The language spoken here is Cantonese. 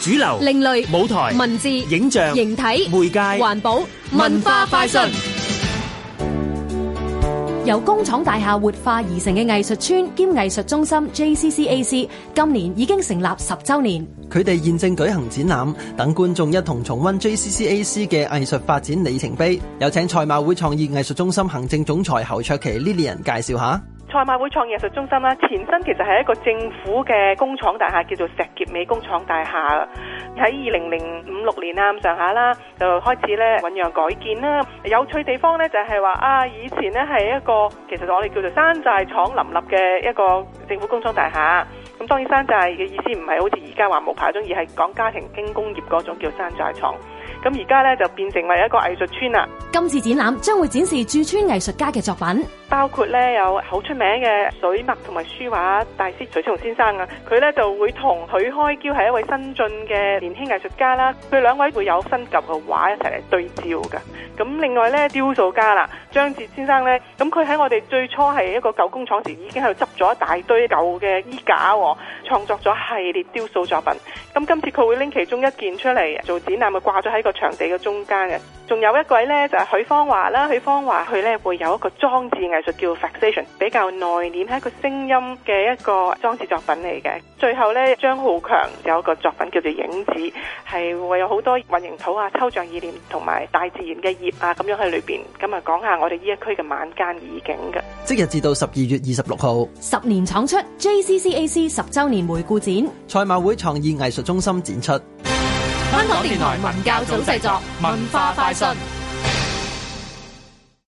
主流、另類舞台、文字、影像、形體、媒介、環保、文化快訊。由工廠大廈活化而成嘅藝術村兼藝術中心 JCCAC 今年已經成立十周年，佢哋現正舉行展覽，等觀眾一同重温 JCCAC 嘅藝術發展里程碑。有請賽馬會創意藝術中心行政總裁侯卓琪 Lily 人介紹下。賽馬會創意藝術中心啦，前身其實係一個政府嘅工廠大廈，叫做石硤尾工廠大廈。喺二零零五六年啊，咁上下啦，就開始咧醞釀改建啦。有趣地方咧就係話啊，以前咧係一個其實我哋叫做山寨廠林立嘅一個政府工廠大廈。咁、嗯、當然山寨嘅意思唔係好似而家話冇牌中，而係講家庭輕工業嗰種叫山寨廠。咁而家咧就變成為一個藝術村啦。今次展覽將會展示駐村藝術家嘅作品，包括咧有好出名嘅水墨同埋書畫大師徐松先生啊。佢咧就會同許開嬌係一位新晉嘅年輕藝術家啦。佢兩位會有新舊嘅畫一齊嚟對照噶。咁另外咧雕塑家啦，張哲先生咧，咁佢喺我哋最初係一個舊工廠時，已經喺度執咗一大堆舊嘅衣架，創作咗系列雕塑作品。咁今次佢會拎其中一件出嚟做展覽，咪掛咗喺個場地嘅中間嘅。仲有一位咧就係許方華啦，許方華佢咧會有一個裝置藝術叫《Fixation》，比較內斂，係一個聲音嘅一個裝置作品嚟嘅。最後呢，張浩強有一個作品叫做《影子》，係會有好多混凝土啊、抽象意念同埋大自然嘅葉啊咁樣喺裏邊。咁啊，講下我哋呢一區嘅晚間意境嘅，即日至到十二月二十六號，十年廠出 JCCAC 十周年回顧展，賽馬會創意藝術中心展出。香港電台文教組製作文化快訊。